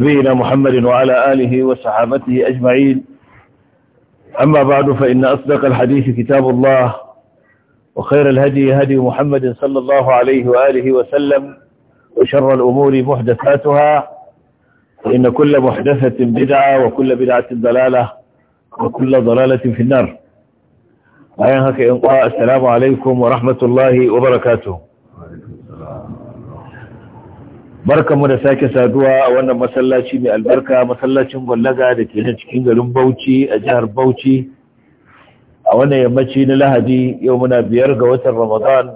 نبينا محمد وعلى آله وصحابته أجمعين أما بعد فإن أصدق الحديث كتاب الله وخير الهدي هدي محمد صلى الله عليه وآله وسلم وشر الأمور محدثاتها فإن كل محدثة بدعة وكل بدعة ضلالة وكل ضلالة في النار السلام عليكم ورحمة الله وبركاته barkanmu da sake saduwa a wannan masallaci mai albarka masallacin gwallaga da ke nan cikin garin bauchi a jihar bauchi a wannan yammaci na lahadi yau muna biyar ga watan ramadan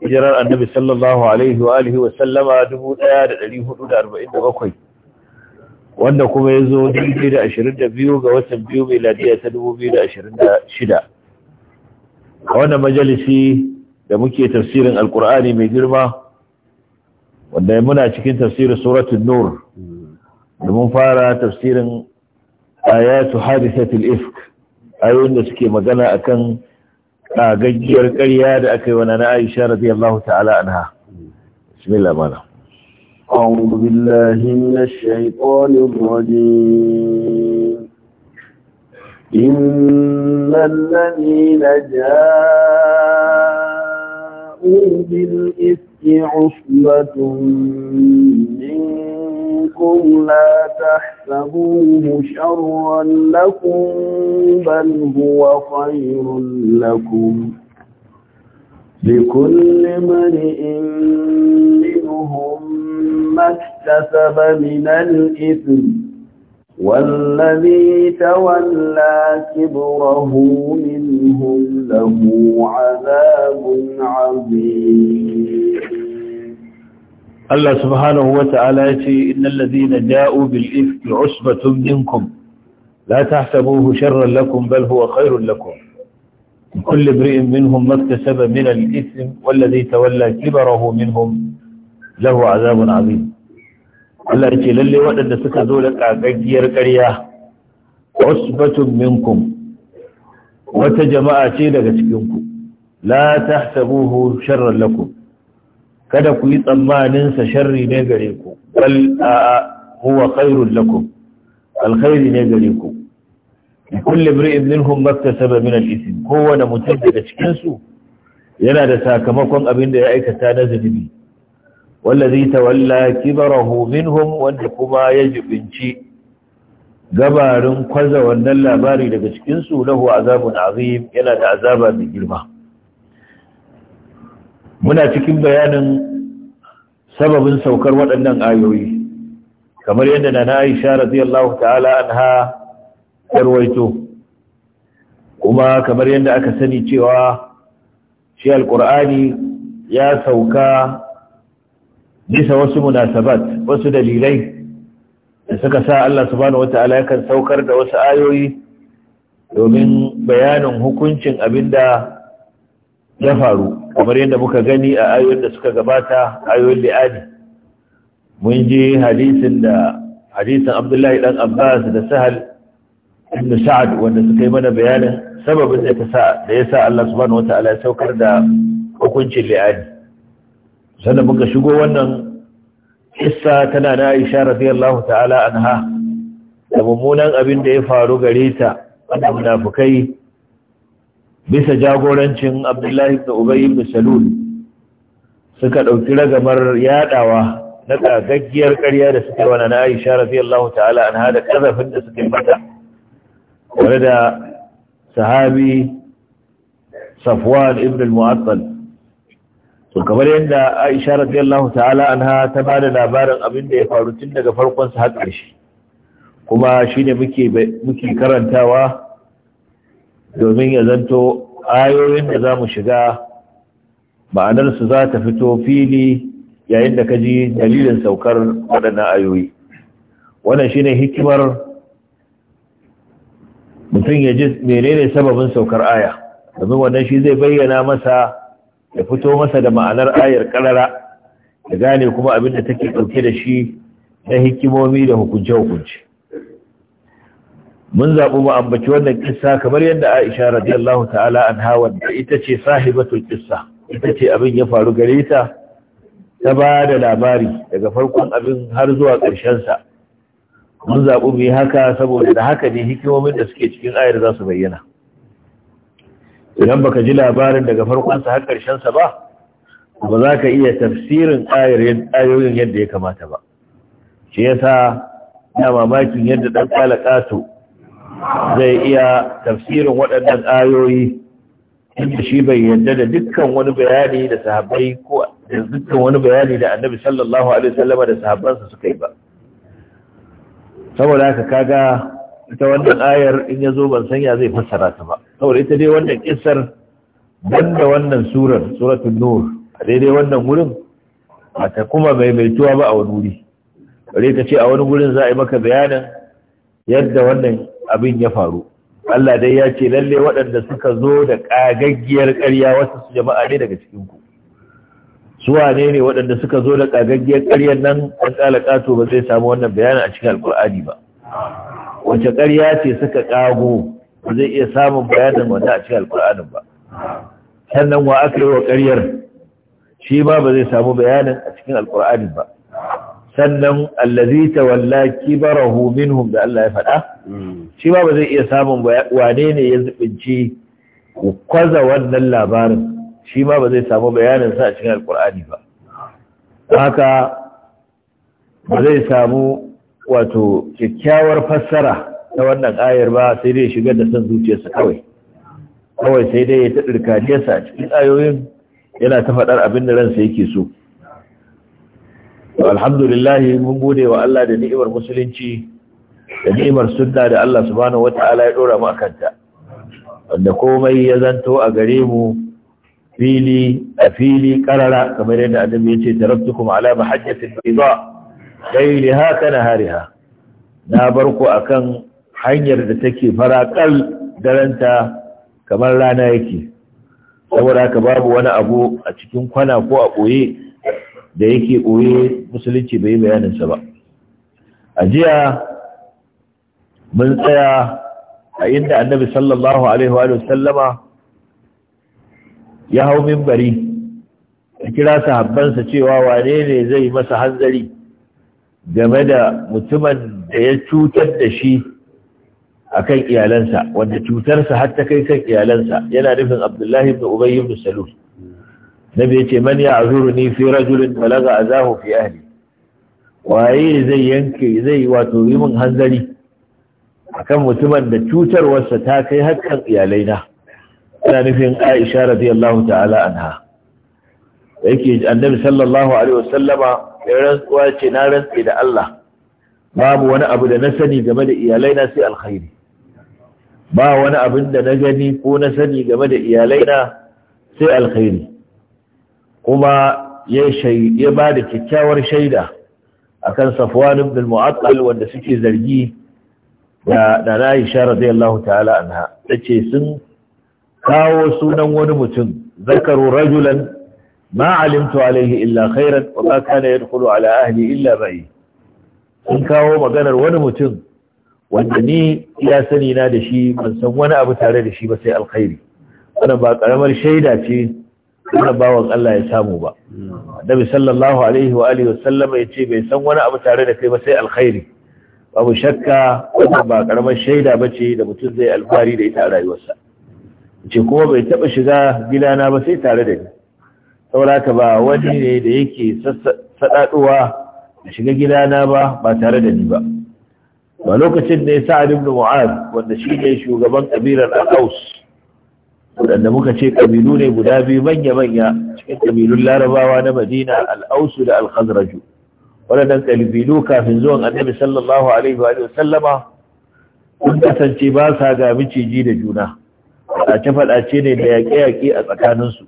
hijirar annabi sallallahu alaihi wa alihi wa sallama 1447 wanda kuma ya zo daidai da biyu ga watan biyu mai ladiya ta 2026 a wannan majalisi da muke tafsirin alkur'ani mai girma wanda muna cikin tafsirin suratul nur da mun fara tafsirin ayatu hadisatul ifk ayoyin da suke magana akan gaggiyar ƙarya da aka yi na Aisha radiyallahu ta'ala anha bismillah mana أعوذ بالله من الشيطان الرجيم إن الذين جاءوا بالإثم عصبة منكم لا تحسبوه شرا لكم بل هو خير لكم لكل امرئ منهم ما اكتسب من الإثم والذي تولى كبره منهم له عذاب عظيم الله سبحانه وتعالى إن الذين جاءوا بالإفك عصبة منكم لا تحسبوه شرا لكم بل هو خير لكم كل امرئ منهم ما اكتسب من الإثم والذي تولى كبره منهم له عذاب عظيم Allah ya ce lalle waɗanda suka zo da kagaggiyar ƙarya usbatun minkum wata jama'a ce daga cikinku la tahsabuhu sharran lakum kada ku yi tsammanin sa sharri ne gare ku bal a huwa khairul lakum alkhairi ne gare ku kulli imri'in minhum maktasaba min al-ithm kowane mutum daga cikin su yana da sakamakon abin da ya aikata na zunubi wallazi tawalla kibarahu minhum wanda kuma ya jibinci gabarin kwaza wannan labari daga cikin su lahu azabun azim yana da azaba mai girma muna cikin bayanin sababin saukar waɗannan ayoyi kamar yadda na na Aisha radiyallahu ta'ala anha yarwaito kuma kamar yadda aka sani cewa shi Alƙur'ani ya sauka bisa wasu munasabat wasu dalilai da suka sa Allah subhanahu wata'ala yakan saukar da wasu ayoyi domin bayanin hukuncin abinda ya faru kamar yadda muka gani a ayoyin da suka gabata ayoyin li'adi mun ji hadisin da hadisin Abdullahi dan Abbas da Sahal ibn Sa'ad wanda suka yi mana bayanin sababin da ya sa Allah subhanahu wata'ala ya saukar da hukuncin li'ani sannan muka shigo wannan isa tana na aisha radiyallahu ta'ala anha da mummunan abin da ya faru gare ta wanda munafukai bisa jagorancin abdullahi ibn ubay ibn suka ɗauki ragamar yaɗawa na gaggiyar ƙarya da suke wa na aisha radiyallahu ta'ala anha da kazafin da suke mata wanda da sahabi safwan ibn al-mu'attal to kamar yadda Aisha radiyallahu ta'ala anha ta ba labarin abin da ya faru tun daga farkon sa har kuma shine muke muke karantawa domin ya zanto ayoyin da zamu shiga ma'anar su za ta fito fili yayin da kaji dalilin saukar waɗannan ayoyi wannan shine hikimar mutum ya ji menene sababin saukar aya domin wannan shi zai bayyana masa ya fito masa da ma'anar ayar kalara ya gane kuma abin da take ɗauke da shi na hikimomi da hukunce-hukunce mun zaɓi mu ambaci wannan kissa kamar yadda aisha radiyallahu ta'ala an hawan da ita ce sahibatul kissa ita ce abin ya faru gare ta ta ba da labari daga farkon abin har zuwa sa. mun zaɓi mu yi haka saboda da haka ne hikimomin da suke cikin ayar za su bayyana idan baka ji labarin daga farkonsa har ƙarshensa ba ba za ka iya tafsirin ayoyin yadda ya kamata ba shi yasa na mamakin yadda ɗan su zai iya tafsirin waɗannan ayoyi inda shi bai yadda da dukkan wani bayani da sahabbai ko dukkan wani bayani da annabi sallallahu alaihi wasallam da sahabbansa suka yi ba saboda haka kaga ita wannan ayar in ya zo ban san ya zai fassara ta ba saboda ita dai wannan kissar dan da wannan surar suratul nur a daidai wannan wurin ba ta kuma maimaituwa ba a wani wuri bare ka ce a wani wurin za a yi maka bayanin yadda wannan abin ya faru Allah dai ya ce lalle waɗanda suka zo da ƙagaggiyar ƙarya wasu su jama'a ne daga cikin ku su wane ne waɗanda suka zo da ƙagaggiyar ƙaryar nan an ƙala ƙato ba zai samu wannan bayanin a cikin alƙur'ani ba wace ƙarya ce suka ƙago ba zai iya samun bayanin wanda a cikin alkur'anin ba sannan wa aka yi wa ƙaryar shi ba zai samu bayanin a cikin alkur'anin ba sannan allazi walla kibarahu minhum da Allah ya faɗa shi ma ba zai iya samun wane ne ya zubinci kwaza wannan labarin shi ma ba zai samu bayanin sa a cikin alkur'ani ba haka ba zai samu wato kyakkyawar fassara ta wannan ayar ba sai dai shigar da san zuciyarsa kawai kawai sai dai ya ta ɗirkaniyarsa a cikin ayoyin yana ta faɗar abin da ransa yake so alhamdulillah mun gode wa Allah da ni'imar musulunci da ni'imar sunna da Allah subhanahu wata'ala ya dora mu akanta wanda komai ya zanto a gare mu fili a fili karara kamar yadda annabi ya ce tarabtukum ala mahajjatin bayda laylaha kana hariha na barku akan hanyar da take faraƙal daranta kamar rana yake saboda ka babu wani abu a cikin kwana ko a ɓoye da yake ɓoye musulunci bai bayaninsa ba a jiya mun tsaya a inda annabi sallallahu alaihi wa sallama ya hau mimbari ya kira sahabbansa cewa wane ne zai masa hanzari game da mutumin da ya cutar da shi akan iyalansa wanda cutarsa har ta kai kan iyalansa yana nufin abdullahi ibn ubay ibn salul nabi yace man ya'zuruni fi rajulin balaga azahu fi ahli waye zai yanke zai wato yi min hanzari akan mutumin da cutarwarsa ta kai har iyalaina yana nufin aisha radiyallahu ta'ala anha yake annabi sallallahu alaihi wasallama ya rantsuwa ce na rantsi da Allah babu wani abu da na sani game da iyalai na sai alkhairi ba wani abin da na gani ko na sani game da iyalai na sai alkhairi kuma ya ba da kyakkyawar shaida akan safwan ibn al-mu'attal wanda suke zargi da na Aisha radiyallahu ta'ala anha tace sun kawo sunan wani mutum zakaru rajulan ma alimtu alaihi illa khairan wa ma kana yadkhulu ala ahli illa bai sun kawo maganar wani mutum wanda ni ya sani na da shi ban san wani abu tare da shi ba sai alkhairi wannan ba karamar shaida ce wannan bawan Allah ya samu ba annabi sallallahu alaihi wa alihi ya ce bai san wani abu tare da kai ba sai alkhairi babu shakka wannan ba karamar shaida bace da mutum zai alfahari da ita a rayuwarsa ce kuma bai taba shiga gidana ba sai tare da ni sauraka ba wani ne da yake sadaduwa shiga gidana ba ba tare da ni ba ba lokacin da ya sa ibn mu'ad wanda shi ne shugaban kabilar al wadanda muka ce kabilu ne guda biyu manya-manya cikin kabilun larabawa na madina al da al-khazraju wadannan kabilu kafin zuwan annabi sallallahu alaihi wa sallama sun kasance ba sa ga miciji da juna faɗace fadace ne da yaƙe-yaƙe a tsakaninsu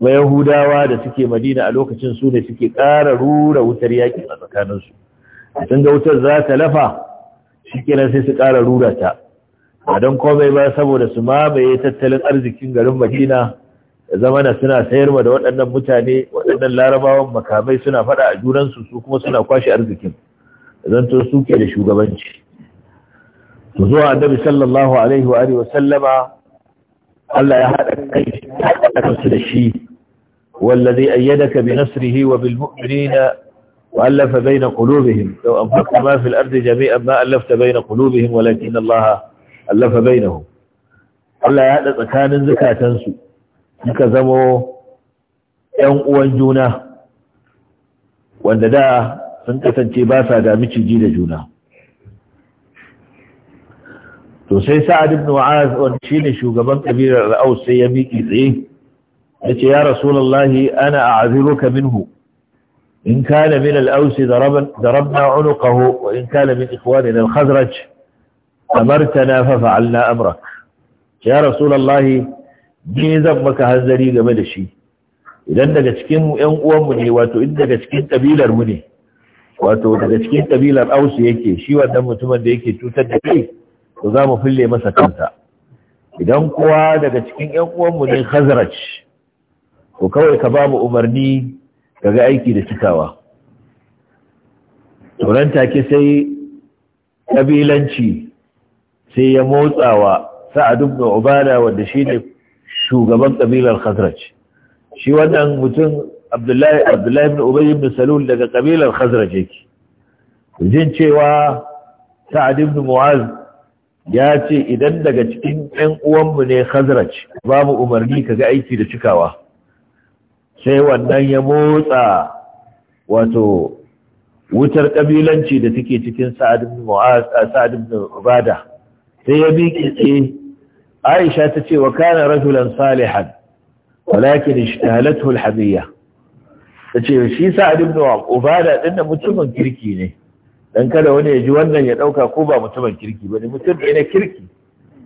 ba yahudawa da suke madina a lokacin su ne suke ƙara rura wutar yaƙi a tsakaninsu a tun ga wutar za ta lafa shi kenan sai su ƙara rura ta don komai ba saboda su mamaye tattalin arzikin garin madina da zamana suna sayar da waɗannan mutane waɗannan larabawan makamai suna faɗa a junansu su kuma suna kwashe arzikin zanto su ke da shugabanci zo zuwa annabi sallallahu alaihi wa alihi wa sallama Allah ya haɗa kai da shi wallazi ayyadaka bi nasrihi wa bil mu'minina وألف بين قلوبهم لو أنفقت ما في الأرض جميعا ما ألفت بين قلوبهم ولكن الله ألف بينهم ألا هذا كان زكاة تنسو لك زمو يوم أوانجونا وأن داء فانت تنتباسا دامتش جيد جونا سي سعد بن عاز وانشين شوقبان كبير الأوسي يميكي يا رسول الله أنا أعذرك منه إن كان من الأوس ضربنا عنقه وإن كان من إخواننا الخزرج أمرتنا ففعلنا أمرك ya rasulallahi ni zan maka hanzari game da shi idan daga cikin ƴan ne wato in daga cikin kabilar mu ne wato daga cikin kabilar ausu yake shi wannan mutumin da yake cutar da kai to za mu fille masa kanta idan kuwa daga cikin ƴan uwanmu ne khazraj kawai ka ba umarni kaga aiki da cikawa turan take sai kabilanci sai ya motsawa sa'ad ibn ubada wanda shine shugaban kabilar khazraj shi wannan mutum abdullahi abdullahi ibn ubay ibn salul daga kabilar khazraj yake jin cewa sa'ad ibn mu'az ya ce idan daga cikin ‘yan uwanmu ne Khazraj babu umarni kaga aiki da cikawa sai wannan ya motsa wato wutar kabilanci da take cikin sa'ad ibn sai ya miƙe tsaye aisha ta ce wa kana rajulan salihan walakin ishtahalathu alhamiyya tace shi sa'ad ibn ubada din da mutumin kirki ne dan kada wani ya ji wannan ya ɗauka ko ba mutumin kirki bane mutum ne na kirki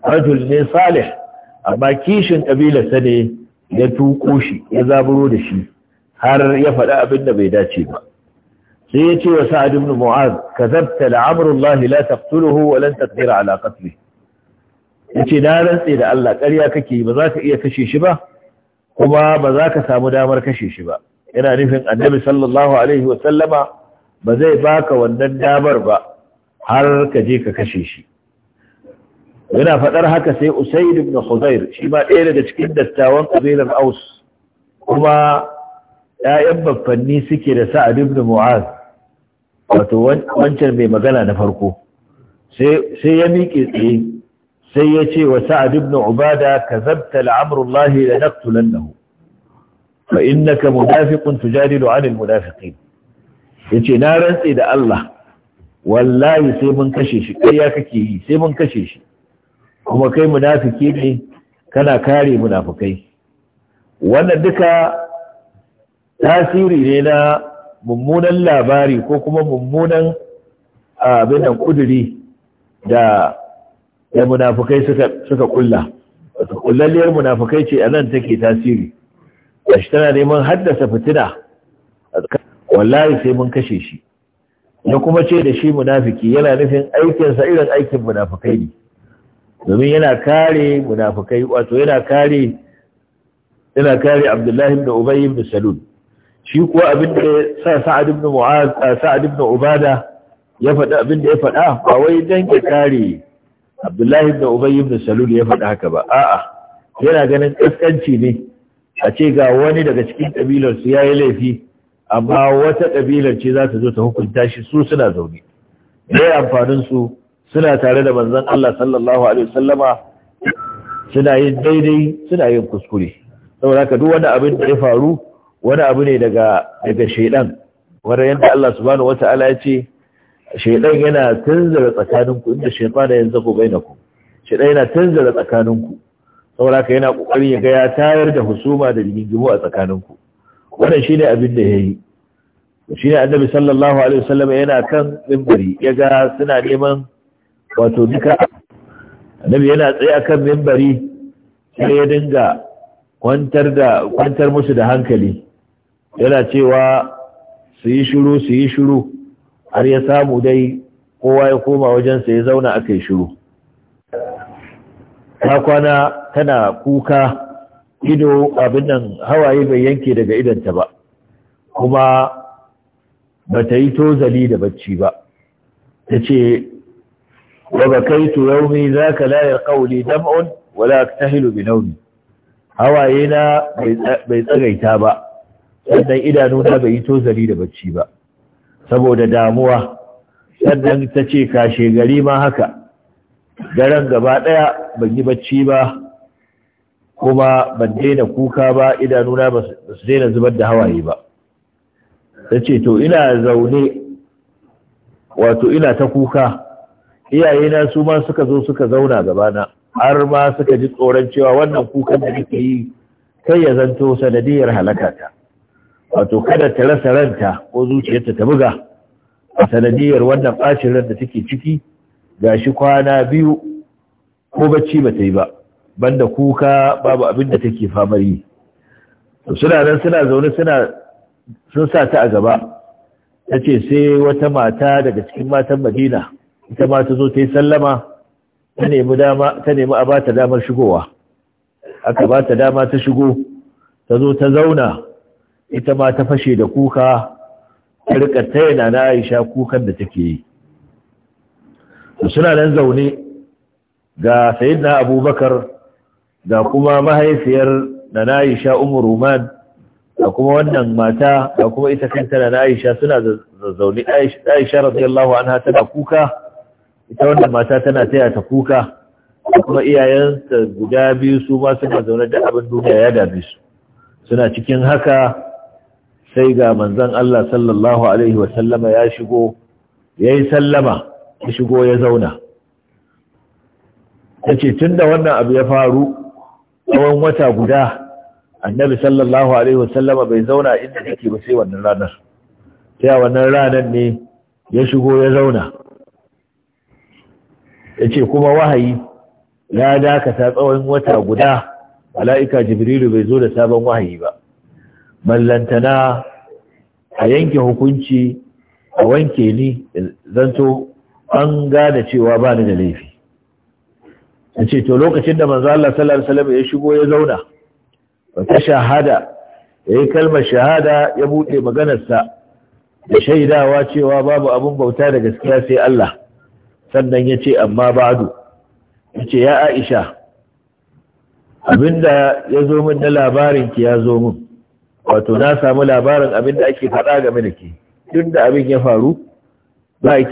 rajul ne salih amma kishin kabilarsa ne ya tuko shi ya zaburo da shi har ya faɗa abin da bai dace ba sai ya ce wa sa'ad ibn mu'az kazabta la'amrullahi la taqtuluhu wa lan taqdira ala Ya yace na rantse da Allah ƙarya kake ba za ka iya kashe shi ba kuma ba za ka samu damar kashe shi ba yana nufin annabi sallallahu alaihi wa sallama ba zai baka wannan damar ba har ka je ka kashe shi yana faɗar haka sai usaid ibn khuzair shi ma ɗaya daga cikin dattawan kabilar aus kuma ƴaƴan baffanni suke da sa'ad ibn mu'az wato wancan mai magana na farko sai ya miƙe tsaye sai ya ce wa sa'ad ibn ubada kazabta la'amrullahi la naqtulannahu fa innaka munafiqun tujadilu 'anil munafiqin yace na rantse da Allah wallahi sai mun kashe shi kai ya kake yi sai mun kashe shi kuma kai munafiki ne kana kare munafikai wannan duka tasiri ne na mummunan labari ko kuma mummunan abin da kuduri da da munafikai suka suka kulla wato kullalliyar munafikai ce anan take tasiri gashi tana neman haddasa fitina wallahi sai mun kashe shi ya kuma ce da shi munafiki yana nufin aikinsa irin aikin munafukai ne domin yana kare munafukai wato yana kare yana kare Abdullahi ibn Ubay ibn Salul shi kuwa abin da sa Sa'ad ibn Mu'az Sa'ad ibn Ubada ya faɗa abin da ya faɗa ba wai dan ya kare Abdullahi ibn Ubay ibn Salul ya faɗa haka ba a'a yana ganin kaskanci ne a ce ga wani daga cikin kabilar su yayi laifi amma wata kabilar ce za ta zo ta hukunta shi su suna zaune ne amfanin su suna tare da manzan Allah sallallahu alaihi wasallama suna yin daidai suna yin kuskure saboda haka duk wani abin da ya faru wani abu ne daga shaidan. Wani wanda yanda Allah subhanahu ta'ala ya ce shaidan yana tunzara tsakaninku inda shaytana yanzaku bainakum Shaidan yana tunzara tsakaninku saboda ka yana kokari ya gaya tayar da husuma da rigingimu a tsakaninku wannan shine abin da ya shi ne annabi sallallahu alaihi wasallam yana kan ya ga suna neman wato duka annabi yana tsaye akan mimbari sai ya dinga kwantar da kwantar musu da hankali yana cewa su yi shiru su yi shiru har ya samu dai kowa ya koma wajen sa ya zauna aka yi shiru ta kwana tana kuka ido abin nan hawaye bai yanke daga idanta ba kuma ba ta yi tozali da bacci ba ta ce وبكيت يومي ذاك لا يلقوا لي دمع ولا أكتهل بنومي هواينا بيتغيتا با sannan idanuna bai yi tozali da bacci ba saboda damuwa sannan ta ce kashe gari ma haka daren gaba ɗaya ban yi bacci ba kuma ban daina kuka ba idanuna ba su daina zubar da hawaye ba ta ce to ina zaune wato ina ta kuka iyayena su ma suka zo suka zauna gabana har ma suka ji tsoron cewa wannan kukan da nake yi kai ya zanto sanadiyar halakata wato kada ta rasa ranta ko zuciyarta ta buga a sanadiyar wannan bacin ran da take ciki gashi kwana biyu ko bacci ba ta yi ba banda kuka babu abin da take famar yi suna nan suna zaune suna sun sa ta a gaba ta ce sai wata mata daga cikin matan madina ita ma ta zo ta yi sallama ta nemi a ba ta damar shigowa aka ba ta dama ta shigo ta zo ta zauna ita ma ta fashe da kuka ta rika na Aisha kukan da take yi suna nan zaune ga na Abubakar ga kuma mahaifiyar na na Aisha umar Ruman da kuma wannan mata da kuma ita kanta na Aisha suna zazzaune Aisha radiyallahu anha tana kuka ita wannan mata tana taya ta kuka kuma iyayensa guda biyu su ma suna zaune da abin duniya ya dame su suna cikin haka sai ga manzon Allah sallallahu alaihi wa sallama ya shigo yayi sallama ya shigo ya zauna yace tunda wannan abu ya faru tsawon wata guda annabi sallallahu alaihi wa sallama bai zauna inda take ba sai wannan ranar sai wannan ranar ne ya shigo ya zauna yace kuma wahayi ya dakata tsawon wata guda mala'ika jibrilu bai zo da sabon wahayi ba mallantana a yanke hukunci a wanke ni zanto an gane cewa ba ni da laifi a ce to lokacin da manzo Allah sallallahu alaihi ya shigo ya zauna ba ta shahada Ya yi kalmar shahada ya buɗe maganarsa da shaidawa cewa babu abun bauta da gaskiya sai Allah sannan ya ce amma ba'adu ya ce ya aisha abinda ya zo min na labarinki ya zo min wato na samu labarin abinda ake faɗa game da ke duk da abin ya faru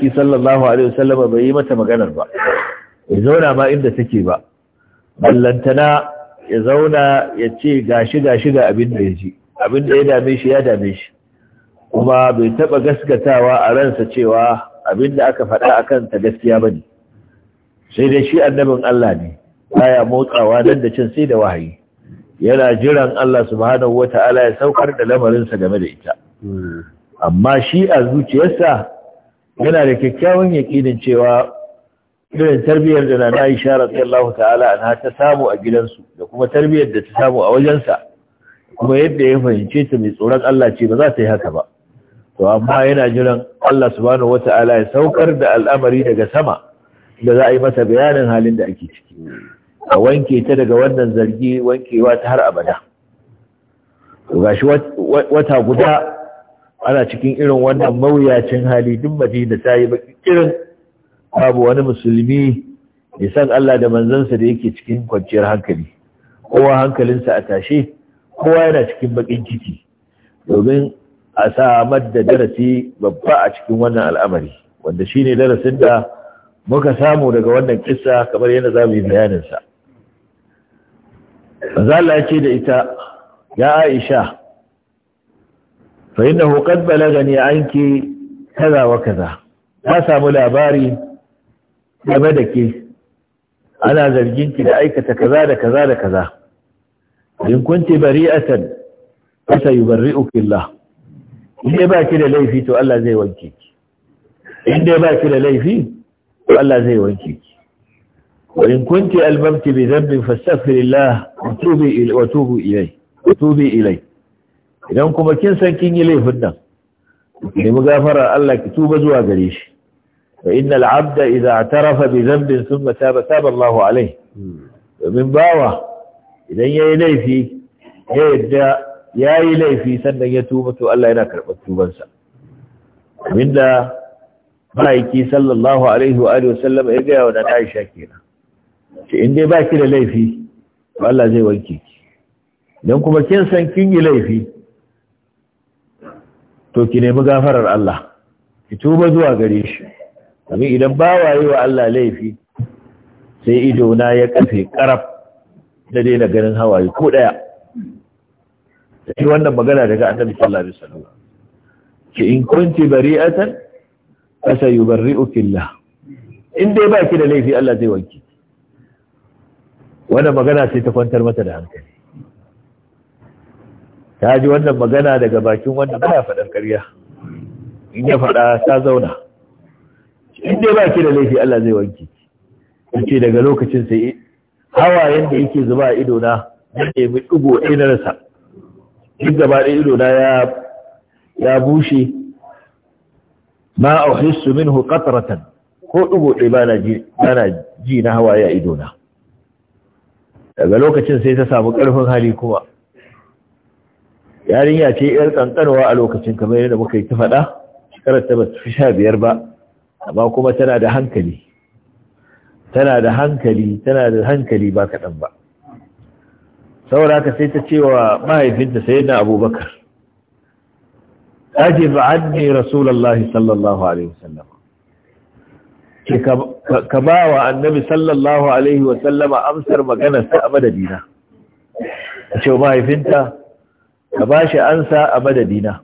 ki sallallahu alaihi wasallama bai yi mata maganar ba ya zauna ma inda take ba ballantana ya zauna ya ce gashi gashi ga abin da ya ji abin da ya dame shi ya dame shi kuma bai taɓa gaskatawa a ransa cewa Abin da aka faɗa a ta gaskiya ba ne sai dai shi annabin Allah ne baya motsawa nan da can sai da wahayi yana jiran Allah subhanahu ta'ala ya saukar da lamarinsa game da ita amma shi a zuciyarsa yana da kyakkyawan yaƙinin cewa irin tarbiyyar da na Aisha radiyallahu ta'ala anha ta samu a gidansu da kuma tarbiyyar da ta samu a wajensa kuma yadda ya fahimce ta mai tsoron Allah ce ba za ta yi haka ba to amma yana jiran Allah subhanahu wata'ala ya saukar da al'amari daga sama da za a yi masa bayanin halin da ake ciki a wanke ta daga wannan zargi wankewa ta har abada to gashi wata guda ana cikin irin wannan mawuyacin hali duk madina ta yi baki irin babu wani musulmi mai san Allah da manzansa da yake cikin kwanciyar hankali kowa hankalinsa a tashe kowa yana cikin bakin ciki domin a samar da darasi babba a cikin wannan al'amari wanda shi ne darasin da muka samu daga wannan kisa kamar yadda za mu yi bayaninsa mazala ce da ita ya aisha fa inna ne ne ke kaza wa kaza ta samu labari game da ke ana ki da aikata kaza da kaza da kaza in kunti bari'atan yi sayubarri'uki Allah in dai ba ki da laifi to Allah zai wanke ki in dai ba ki da laifi to Allah zai wanke ki wa in kunti albamti bi dhanbin fastaghfirillah wa tubi ilay wa tubu ilay wa tubi ilay idan kuma kin san kin yi laifin nan mu gafara Allah ki tuba zuwa gare shi fa innal abda idza i'tarafa bi dhanbin thumma taba taba Allah alayhi hmm. min bawa idan yayi laifi ya yadda ya yi laifi sannan ya tuba to Allah yana karɓar tubansa abinda ma'aiki sallallahu alaihi wa alihi wasallam ya gaya wa na Aisha kenan ce in dai baki da laifi to Allah zai wanke ki dan kuma kin san kin yi laifi to ki nemi gafarar Allah ki tuba zuwa gare shi abin idan bawaye wa Allah laifi sai ido na ya kafe karaf da daina ganin hawaye ko daya yi wannan magana daga annabi sallallahu alaihi wasallam ki in kunti bari'atan fa sayubarri'uki Allah in dai baki da laifi Allah zai wanke. wannan magana sai ta kwantar mata da hankali ta ji wannan magana daga bakin wanda baya faɗar ƙarya in ya faɗa ta zauna in dai baki da laifi Allah zai wanke. wanki ce daga lokacin sai hawayen da yake zuba a ido na ya nemi ɗigo ɗaya na rasa duk gaba ɗaya ido na ya bushe ma auhissu min qatratan ko dugo ɗaya na ji na hawaye a ido na daga lokacin sai ta samu ƙarfin hali kuma yarinya ce yar ƙanƙanwa a lokacin kamar yadda muka yi ta faɗa shekarar ta ba fi sha biyar ba amma kuma tana da hankali tana da hankali tana da hankali ba kaɗan ba saboda haka sai ta ce wa mahaifinta sai na abubakar ajib anni Rasulallah sallallahu alaihi wasallam ke ka ba wa annabi sallallahu alaihi wasallama amsar maganar sa a madadina a ce wa mahaifinta ka ba shi ansa a madadina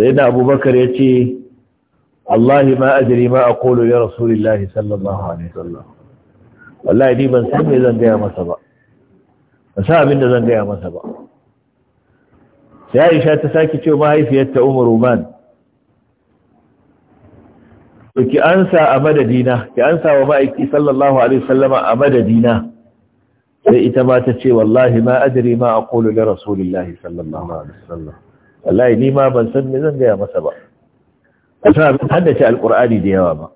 sai na abubakar ya ce Allahi ma ajiri ma a kolo ya rasulullahi sallallahu alaihi wasallam wallahi ni ban san me zan gaya masa ba ba sa abin da zan gaya masa ba sai aisha ta sake ce mahaifiyarta umar ruman ki ansa a madadina ki ansa wa ma'aiki sallallahu alaihi wasallama a madadina sai ita ma ta ce wallahi ma adri ma aqulu da rasulillahi sallallahu alaihi wasallam wallahi ni ma ban san me zan gaya masa ba kusa ban haddace alqur'ani da yawa ba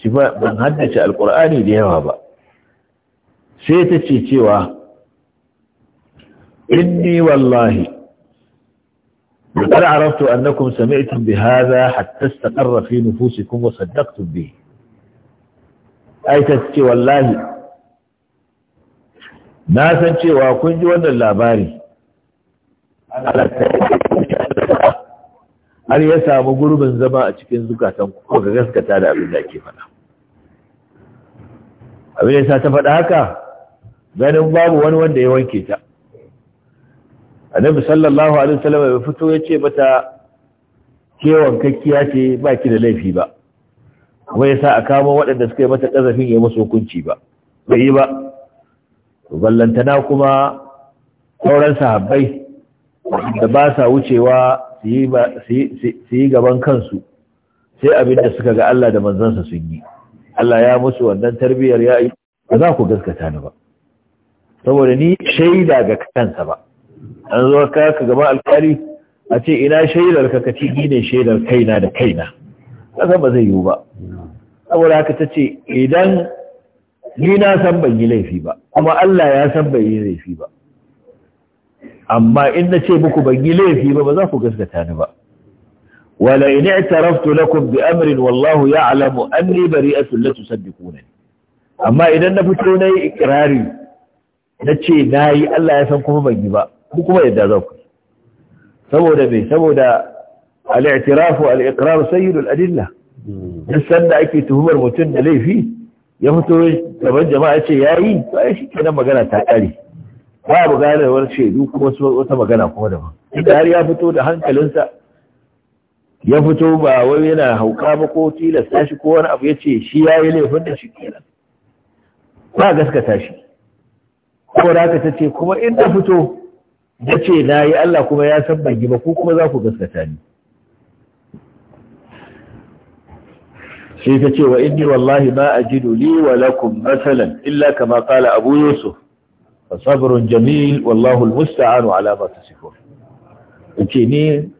shi ban haddace alqur'ani da yawa ba sai ta ce cewa inni wallahi لقد عرفت أنكم سمعتم بهذا حتى استقر في نفوسكم وصدقتم به أي تسكي والله ناسا شوى كنج وانا اللاباري har ya samu gurbin zama a cikin zukatan ko ga gaskata da abin ake faɗa. Abin da ta faɗi haka ganin babu wani wanda ya wanke ta. annabi sallallahu alaihi wasallam bai fito yace mata kewan kakkiya ce baki da laifi ba kuma yasa a kamo waɗanda suka yi mata kazafin ya musu hukunci ba bai yi ba ballantana kuma sauran sahabbai da ba sa wucewa su yi gaban kansu sai abinda suka ga Allah da manzansa sun yi Allah ya musu wannan tarbiyyar ya yi ba za ku gaskata ni ba saboda ni shaida ga kansa ba an zo ka ka gaba alkali a ce ina shaidar ka ka gine shaidar kaina da kaina kasa ba zai yiwu ba saboda haka ta ce idan ni na san ban yi laifi ba kuma Allah ya san ban yi laifi ba amma in na ce muku ban yi laifi ba ba za ku gaskata ni ba wala in i'taraftu lakum bi amrin wallahu ya'lamu anni bari'atun la tusaddiqunani amma idan na fito nayi ikrari na ce nayi Allah ya san kuma ban yi ba ku kuma yadda za ku saboda bai saboda al'itirafu al'iqrar sayyidul adilla duk sanda ake tuhumar mutum da laifi ya fito gaban jama'a ce yayi to ai kenan magana ta kare ba bu gane wani shaidu kuma wata magana kuma ba inda har ya fito da hankalinsa ya fito ba wai yana hauka ba ko tilasta shi ko wani abu ya ce shi ya yi laifin da shi kenan ba gaskata shi ko da ta ce kuma in fito na ce na yi Allah kuma ya san ban ba ko kuma za ku gaskata ni sai ta ce wa inni wallahi ma a li wa lakum masalan illa kama kala abu yusuf fa sabrun jamil wallahu almusta'anu ala ma tasifun ce ni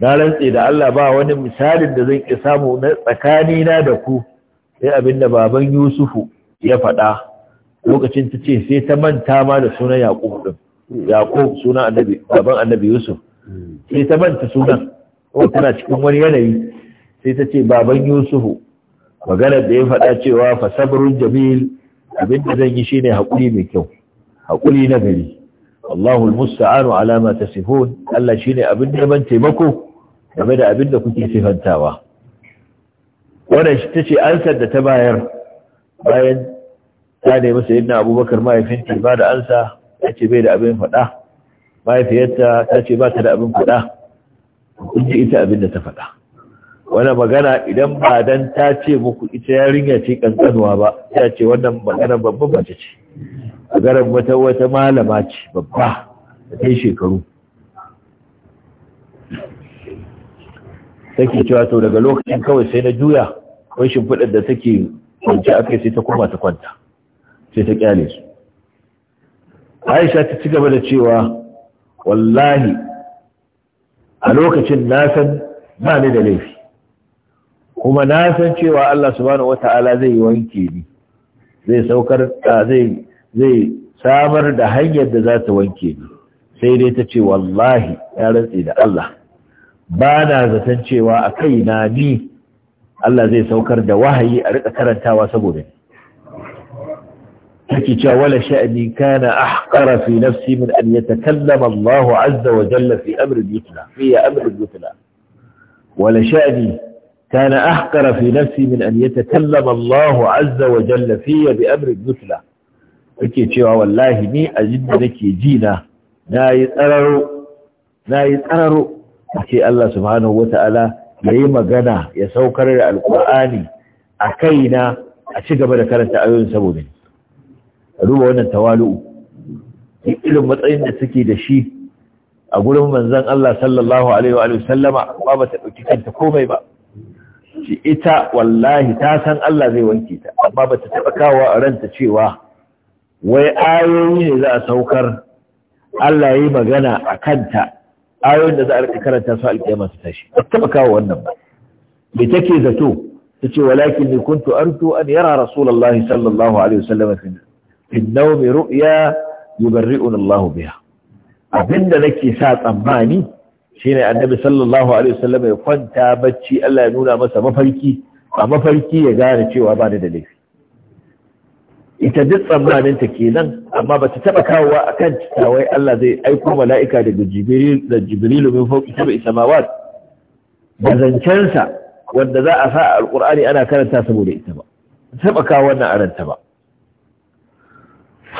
na rantse da Allah ba wani misalin da zan iya samu na tsakani na da ku sai abinda baban Yusufu ya faɗa lokacin ta ce sai ta manta ma da sunan Yaƙub ɗin. yakub suna annabi baban annabi yusuf sai ta manta sunan ko tana cikin wani yanayi sai ta ce baban Yusuf maganar da ya faɗa cewa fa sabrun jamil abin da zan yi shine hakuri mai kyau hakuri na gari Allahu almusta'anu ala ma tasifun Allah shine abin da ban taimako game da abin da kuke sifantawa wannan shi tace ansar da ta bayar bayan ta nemi sayyidina Abubakar mahaifinta ba da ansa ta ce bai da abin faɗa mahaifiyarta ta ce ba ta da abin faɗa kun ji ita abin da ta faɗa wannan magana idan ba dan ta ce muku ita yarinya ce kankanuwa ba ta ce wannan magana babban mace ce maganar wata wata malama ce babba da ta yi shekaru take cewa to daga lokacin kawai sai na juya shin fudar da take kwanci a sai ta koma ta kwanta sai ta kyale su aisha ta ci gaba da cewa wallahi a lokacin na san ba ni da laifi kuma na san cewa Allah subhanahu wata'ala zai wanke ni zai saukar zai zai samar da hanyar da za ta wanke ni sai dai ta ce wallahi ya rantsi da Allah ba na zaton cewa a kai na ni Allah zai saukar da wahayi a rika karantawa saboda ni yake cewa wala sha'ani kana ahqara fi nafsi min an yatakallama Allah azza wa jalla fi amri yutla fi amri yutla wala sha'ani kana ahqara fi nafsi min an yatakallama Allah azza wa jalla fi bi amri yutla yake cewa wallahi ni ajin da nake ji na yi tsararo nayi tsararo ake Allah subhanahu wa ta'ala yayi magana ya saukar da alqur'ani a kaina a ci gaba da karanta ayoyin saboda ni a duba wannan tawalu'u irin matsayin da suke da shi a gurin manzan Allah sallallahu alaihi wa sallama ba ba ta ɗauki kanta komai ba shi ita wallahi ta san Allah zai wanke ta amma ba ta taɓa kawo a ranta cewa wai ayoyi ne za a saukar Allah yi magana a kanta ayoyin da za a rika karanta su alƙiyama su tashi ba taɓa kawo wannan ba me take zato ta ce walakin ne kuntu artu an yara rasulullahi sallallahu alaihi wa sallam Binnaumi naumi ru'ya yubarri'un Allah biha abinda nake sa tsammani shine annabi sallallahu alaihi wasallam ya kwanta bacci Allah ya nuna masa mafarki a mafarki ya gane cewa ba da laifi ita duk tsammanin ta kenan amma ba ta taba kawowa akan tawai Allah zai aiko mala'ika daga jibril da jibrilu min fawqi sab'i samawat da zancensa wanda za a sa alqur'ani ana karanta saboda ita ba taba kawo wannan aranta ba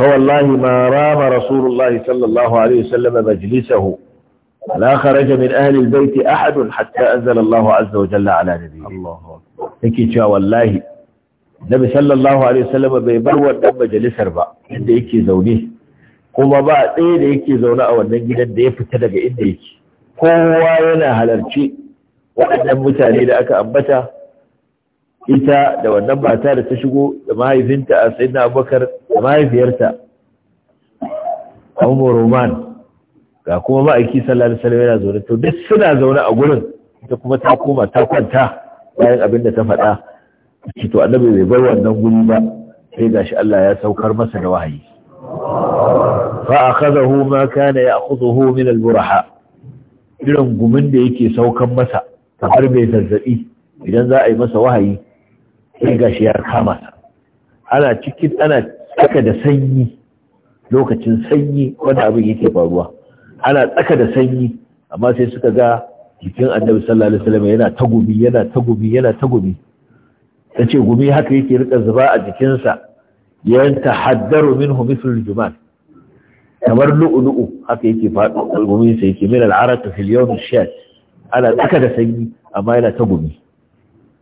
فوالله ما رام رسول الله صلى الله عليه وسلم مجلسه لا خرج من أهل البيت أحد حتى أنزل الله عز وجل على نبيه الله yake cewa wallahi nabi sallallahu alaihi wasallam bai bar wannan majalisar ba inda yake zaune kuma ba ɗaya da yake zaune a wannan gidan da ya fita daga inda yake kowa yana halarci waɗannan mutane da aka ambata ita da wannan mata da ta shigo da mahaifinta a sayi na abubakar da mahaifiyarta umar roman ga kuma ma'aiki sallar alaihi yana zaune to duk suna zaune a gurin ta kuma ta koma ta kwanta bayan abin da ta faɗa ki to annabi bai bar wannan guri ba sai gashi Allah ya saukar masa da wahayi fa akhadahu ma kana ya'khudhuhu min al-buraha irin gumin da yake saukan masa kamar mai zazzabi idan za a yi masa wahayi sai gashi ya kama ana cikin ana tsaka da sanyi lokacin sanyi wanda abin yake faruwa ana tsaka da sanyi amma sai suka ga jikin annabi sallallahu alaihi wasallam yana ta gumi yana ta gumi yana ta gumi tace gumi haka yake rika zuba a jikinsa yanta haddaru minhu mithlul jumal kamar lu'lu'u haka yake faɗo gumi sai yake min al'aratu fil yawm ana tsaka da sanyi amma yana ta gumi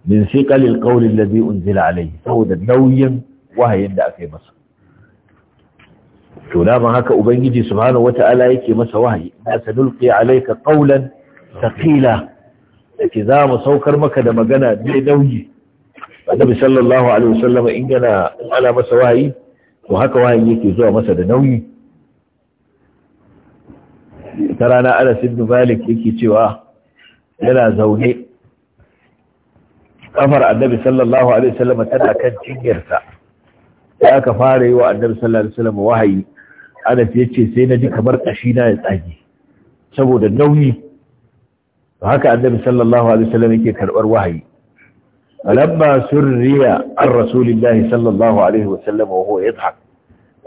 min siqalil qawli alladhi unzila alai saboda nauyin wahayin da aka yi masa to da haka ubangiji subhanahu wa ta'ala yake masa wahayi Na sanulqi alayka qawlan da yake za mu saukar maka da magana mai nauyi annabi sallallahu alaihi wasallam in gana ala masa wahayi to haka wahayi yake zuwa masa da nauyi ta rana Anas ibn Malik yake cewa yana zaune kafar annabi sallallahu alaihi wasallam tana kan cinyarsa sai aka fara yi wa annabi sallallahu alaihi wasallam wahayi Anas ya ce sai na ji kamar kashi na ya tsage saboda nauyi To haka annabi sallallahu alaihi wasallam yake karbar wahayi alamma surriya an rasulillahi sallallahu alaihi wasallam wa huwa yadhhak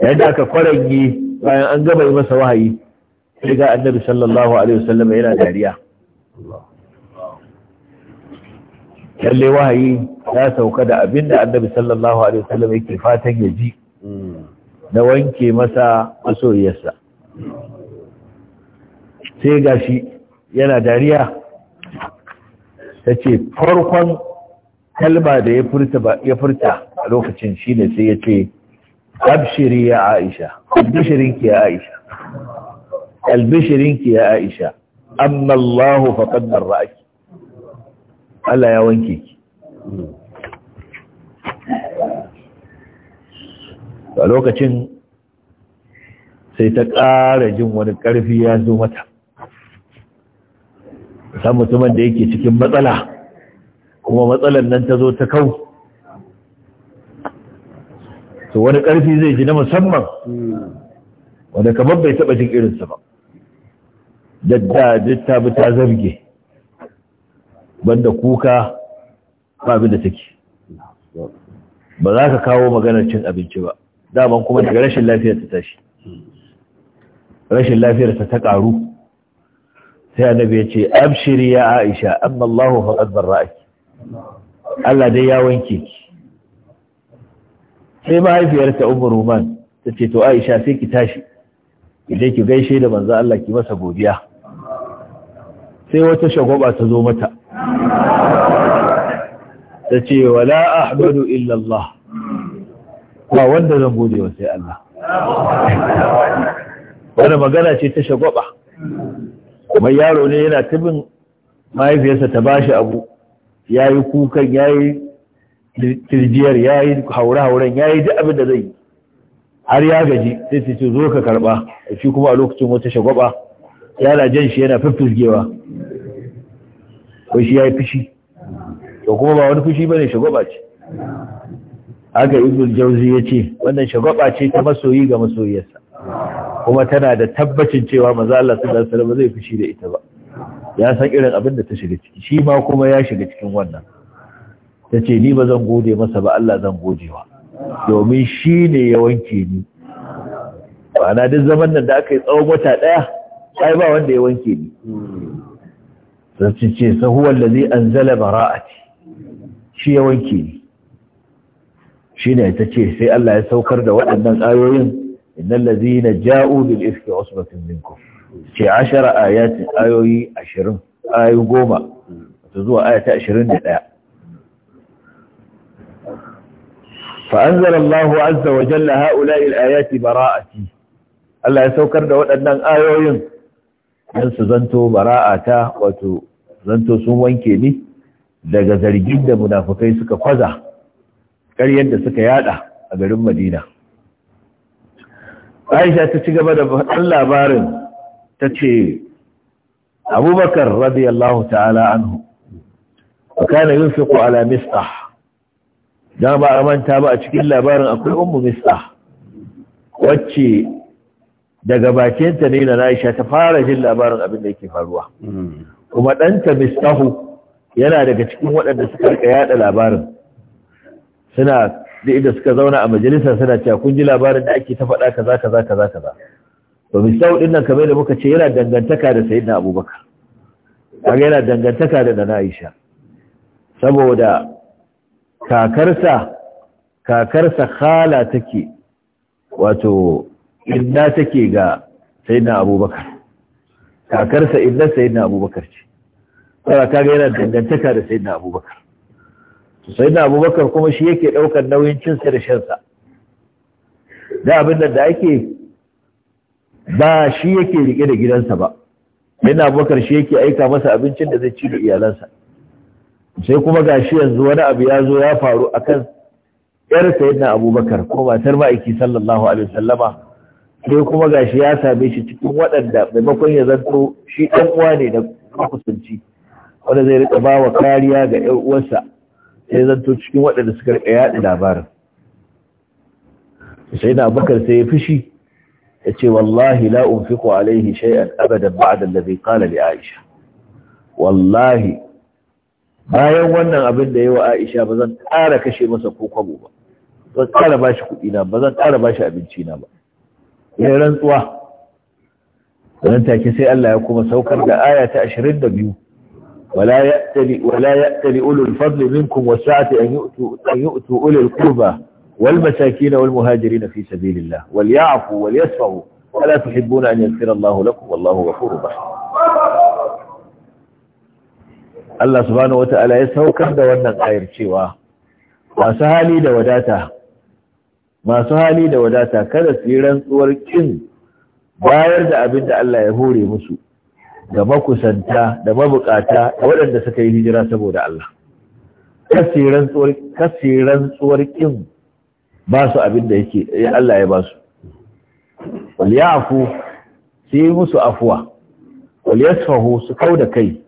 yadda aka kwarangi bayan an gaba yi masa wahayi sai ga annabi sallallahu alaihi wasallam yana dariya Allah lalle wahayi ya sauka da abin da annabi sallallahu alaihi wasallam yake fatan ya ji na wanke masa masoyiyarsa sai gashi yana dariya ta ce farkon kalma da ya furta a lokacin shi ne sai ya ce abshiri ya aisha albishirinki ya aisha albishirinki ya aisha amma allahu faƙaddar ra'aki Allah ya wanke ki a lokacin sai ta ƙara jin wani ƙarfi ya zo mata san mutumin da yake cikin matsala kuma matsalar nan ta zo ta kau to wani ƙarfi zai ji na musamman wanda kamar bai taɓa jin irinsa ba da ta bi ta zarge banda kuka ba abin da take ba za ka kawo maganar cin abinci ba daman kuma daga rashin lafiyar ta tashi rashin lafiyar ta ta karu sai annabi ya ce abshiri ya aisha amma Allahu faqad barra'aki Allah dai ya wanke ki sai mahaifiyarta Ummu Ruman ta ce to Aisha sai ki tashi idan ki gaishe da manzo Allah ki masa godiya sai wata shagwaba ta zo mata ta ce wala ahmadu illallah ba wanda zan gode wa sai Allah wani magana ce ta shagwaba kuma yaro ne yana tabin mahaifiyarsa ta bashi abu ya yi kukan ya yi tirjiyar ya yi haure-hauren ya yi duk abin da zai har ya gaji sai ta ce zo ka karba shi kuma a lokacin wata shagwaba yana jan shi yana fifirgewa ko shi ya yi fushi to kuma ba wani fushi ba ne shagwaba ce haka ibn jauzi ya ce wannan shagwaba ce ta masoyi ga masoyiyarsa kuma tana da tabbacin cewa maza Allah sallallahu alaihi ba zai fushi da ita ba ya san irin abin da ta shiga ciki shi ma kuma ya shiga cikin wannan ta ce ni ba zan gode masa ba Allah zan gode wa. domin shi ne ya wanke ni ba na duk zaman nan da aka yi tsawon wata ɗaya ai ba wanda ya wanke ni don su ce sahuwar da zai an zala bara'ati shi ya wanke ni shi ne ta ce sai Allah ya saukar da waɗannan ayoyin innan lazi na ja'u bil iski usbatun minkum ce ashara ayatin ayoyi ashirin ayoyi goma ta zuwa ayata ashirin da ɗaya فأنزل الله عز وجل هؤلاء الآيات Allah ya saukar da waɗannan ayoyin dan su zanto bara'a ta wato zanto sun wanke ni daga zargin da munafukai suka kwaza ƙaryar da suka yada a garin madina aisha ta ci gaba da faɗin labarin ta ce abubakar radiyallahu ta'ala anhu kana yin fiƙo ala mistah don ba a manta ba a cikin labarin akwai ummu mistah wacce daga bakinta ne na aisha ta fara jin labarin abin da yake faruwa hmm. kuma ɗanta mistahu yana daga cikin waɗanda suka rika yada labarin suna da suka zauna a majalisa suna cewa kun ji labarin da ake ta faɗa kaza kaza kaza kaza to mistahu din nan kamar da muka ce yana dangantaka da sayyidina abubakar kaga yana dangantaka da dana aisha saboda kakarsa kakarsa khala take wato inna take ga sayyidina abubakar kakarsa sai na abubakar ce tsara kaga yana dangantaka da na abubakar to na abubakar kuma shi yake daukar nauyin cinsa da shansa da abin da ake ba shi yake rike da gidansa ba na abubakar shi yake aika masa abincin da zai ci da iyalansa sai kuma gashi yanzu wani abu ya zo ya faru akan yar sayyidina abubakar ko matar ma'aiki sallallahu alaihi wasallama sai kuma shi ya same shi cikin waɗanda maimakon ya zanto shi ɗan uwa ne da makusanci wanda zai rika bawa kariya ga ƴan uwansa sai zanto cikin waɗanda suka rika yaɗa labarin sai na bakar sai ya fishi ya ce wallahi la unfiqu alaihi shay'an abadan ba'da alladhi qala li aisha wallahi bayan wannan abin da yayi wa aisha ba zan ƙara kashe masa ko kwabo ba zan ƙara bashi kuɗi na ba zan ƙara bashi abinci na ba ya rantsuwa nan take sai Allah ya kuma saukar da aya ta 22 wala ya'tali wala ya'tali ulul fadli minkum wasa'ati an yu'tu an yu'tu ulul qurba wal masakin wal muhajirin fi sabilillah wal ya'fu wal yasfahu wala tuhibbuna an yaghfira Allah lakum wallahu ghafurur rahim Allah subhanahu wata'ala ya saukar da wannan ayar cewa masu hali da wadata masu hali da wadata kada su yi rantsuwar kin bayar da abin da Allah ya hore musu ga makusanta da mabukata da waɗanda suka yi hijira saboda Allah kasi rantsuwar kin ba su abin da eh, Allah ya ba su wal afu, su yi musu afuwa wal su kau da kai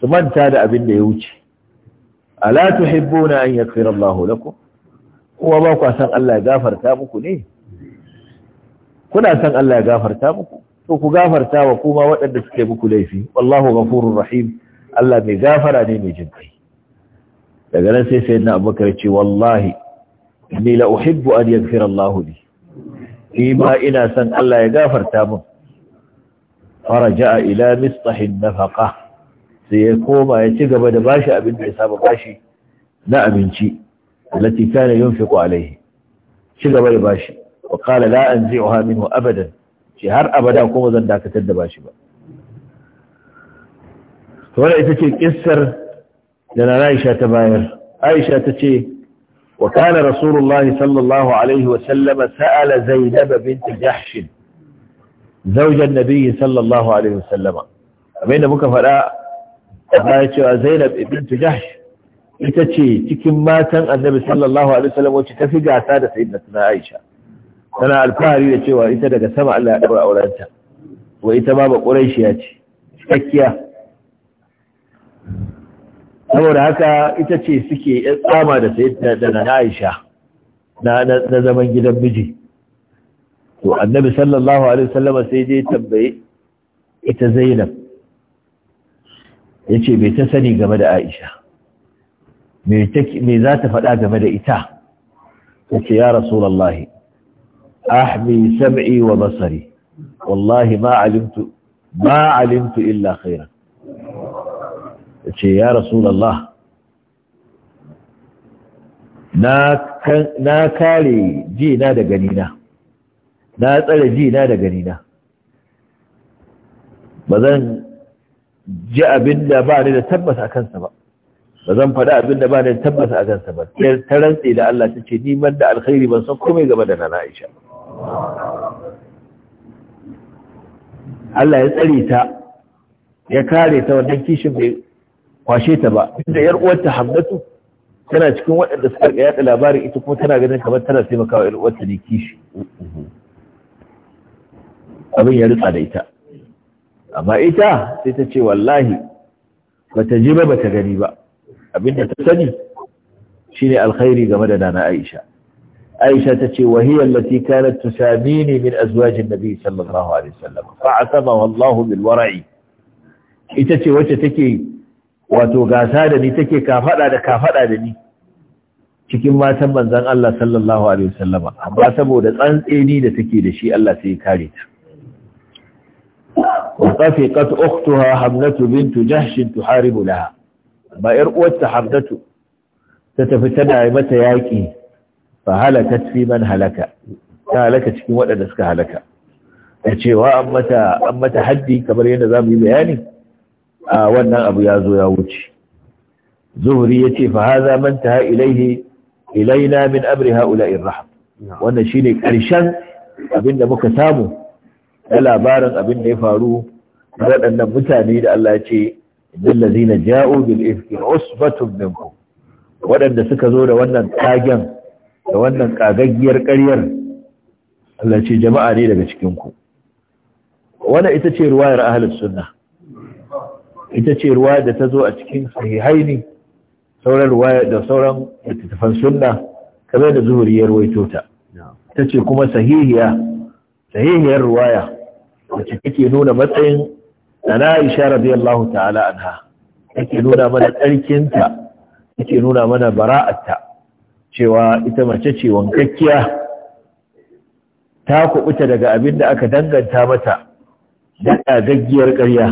su manta da abin da ya wuce ala tuhibbuna an yaghfira Allahu lakum kowa ba ku san Allah ya gafarta muku ne kuna san Allah ya gafarta muku to ku gafarta wa kuma waɗanda suke muku laifi wallahu ghafurur rahim Allah mai gafara ne mai jin kai daga nan sai sayyidina Abubakar ce wallahi inni la uhibbu an yaghfira Allah li ni ma ina san Allah ya gafarta mun faraja ila mistahin nafaqa sai ya koma ya ci gaba da bashi abin da ya saba bashi na abinci التي كان ينفق عليه شغب الباشي وقال لا أنزعها منه أبدا شهر أبدا كم ذنداك تدباشي ورأيتك الكسر لنا عائشة تباير عائشة تشي وكان رسول الله صلى الله عليه وسلم سأل زينب بنت جحش زوج النبي صلى الله عليه وسلم أمين بك فلا زينب بنت جحش ita ce cikin matan annabi sallallahu alaihi wasallam wacce ta fi gasa da sayyidatuna Aisha tana alfahari da cewa ita daga sama Allah ya daura aurenta wa ita ma ba ya ce cikakkiya saboda haka ita ce suke yan tsama da sayyidatuna Aisha na na zaman gidan miji to annabi sallallahu alaihi wasallam sai dai tambaye ita Zainab yace bai ta sani game da Aisha me za ta faɗa game da ita yake ya rasulallahi ahmi sam'i wa basari wallahi ma alimtu ma alimtu illa khairan ya rasulallah. na na kare jina da ganina na tsare jina da ganina bazan ji abinda ba ni da tabbata kansa ba ba zan faɗi abin da ba da tabbata a kansa ba ta rantse da Allah ta ce niman da alkhairi ban san komai gaba da nana Aisha Allah ya tsare ta ya kare ta wannan kishin bai kwashe ta ba inda yar uwarta Hamdatu tana cikin waɗanda suka ga yada labarin ita kuma tana ganin kamar tana taimakawa yar uwarta ne kishi abin ya ritsa da ita amma ita sai ta ce wallahi bata ji ba bata gani ba abinda ta sani ne alkhairi game da nana Aisha Aisha tace wa hiya allati kanat tusamini min azwajin nabi sallallahu alaihi wasallam fa'asama wallahu bil wara'i ita ce wacce take wato gasa da ni take kafada da kafada da ni cikin matan manzon Allah sallallahu alaihi wasallam amma saboda tsantseni da take da shi Allah sai ya kare ta وطفقت أختها حملة بنت جهش تحارب لها ba ‘yar uwarta hamdatu ta tafi tana mata yaƙi ba halaka fi man halaka ta halaka cikin waɗanda suka halaka da cewa an mata haddi kamar yadda za mu yi bayani a wannan abu ya zo ya wuce zuhuri ya ce fa haza man ta ilaihi ilaina min amri ha'ula irraha, wannan shine karshen abin da muka samu na labarin abin da ya faru waɗannan mutane da Allah ya ce innal ja'u bil ifki usbatun minkum waɗanda suka zo da wannan kagen da wannan kagaggiyar ƙaryar Allah ce jama'a ne daga cikin ku wannan ita ce ruwayar ahlus sunna ita ce ruwa da ta zo a cikin sahihaini sauran ruwaya da sauran littattafan sunna kamar da zuhuri ya ruwaito ta ita ce kuma sahihiya sahihiyar ruwaya wacce take nuna matsayin na Aisha radiyallahu ta'ala anha take nuna mana tsarkinta take nuna mana bara'arta cewa ita mace ce wankakkiya ta kubuta daga abin da aka danganta mata da gaggiyar ƙarya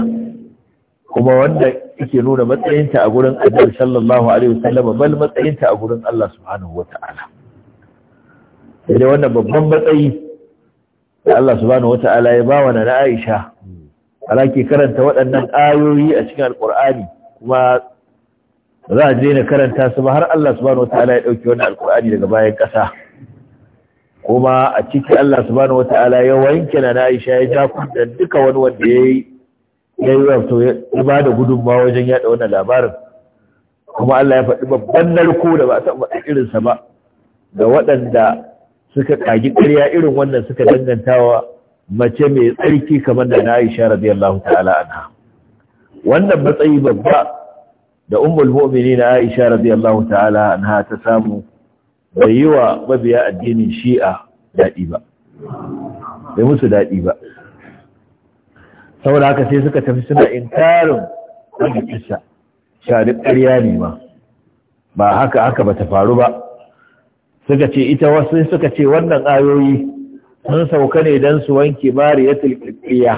kuma wanda yake nuna matsayinta a gurin Annabi sallallahu alaihi wasallam bal matsayinta a gurin Allah subhanahu wata'ala sai dai wannan babban matsayi da Allah subhanahu wata'ala ya ba wa na Aisha ala ke karanta waɗannan ayoyi a cikin Alƙur'ani. kuma za a daina karanta su ba har Allah subhanahu wata'ala ya ɗauki wannan Alƙur'ani daga bayan ƙasa kuma a ciki Allah subhanahu wata'ala ya wanke na Aisha ya ja da duka wani wanda ya yi ya yi wato ya ba da gudunmawa wajen yaɗa wannan labarin kuma Allah ya faɗi babban narko da ba a taɓa irinsa ba ga waɗanda suka ƙagi ƙarya irin wannan suka dangantawa mace mai tsarki kamar da na Aisha radiyallahu ta'ala wannan matsayi babba da ummul na Aisha radiyallahu ta'ala na ta samu bai yi wa mabiya addinin Shi'a daɗi ba bai musu daɗi ba saboda haka sai suka tafi suna inkarin wannan kissa shari ƙarya ne ma ba haka haka bata faru ba suka ce ita wasu suka ce wannan ayoyi sun sauka ne don su wanke mariyatul ƙirƙiya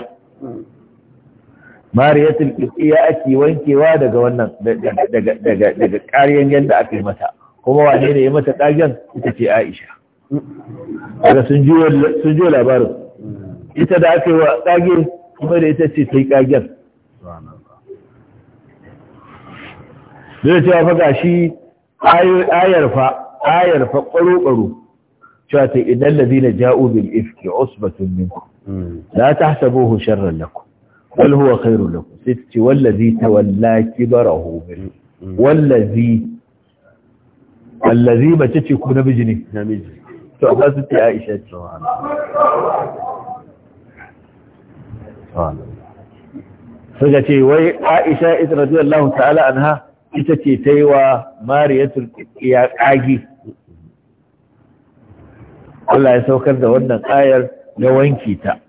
mariyatul ƙirƙiya ake wankewa daga wannan daga ƙariyan yadda aka yi mata kuma wane ne ya mata ɗagen ita ce aisha daga sun jiwo labarin ita da aka yi wa ɗage kuma da ita ce ta yi ƙagen zai cewa faga shi ayar fa ayar fa ƙwaro-ƙwaro شاتي إن الذين جاءوا بالإفك عصبة منكم لا تحسبوه شرا لكم بل هو خير لكم ست والذي تولى كبره منه والذي الذي ما تتكون بجني تعبازت عائشة سبحان الله فجأتي وي عائشة رضي الله تعالى عنها تتتي تيوى ماريات الاعجي Allah ya saukar da wannan ayar ya wanki ta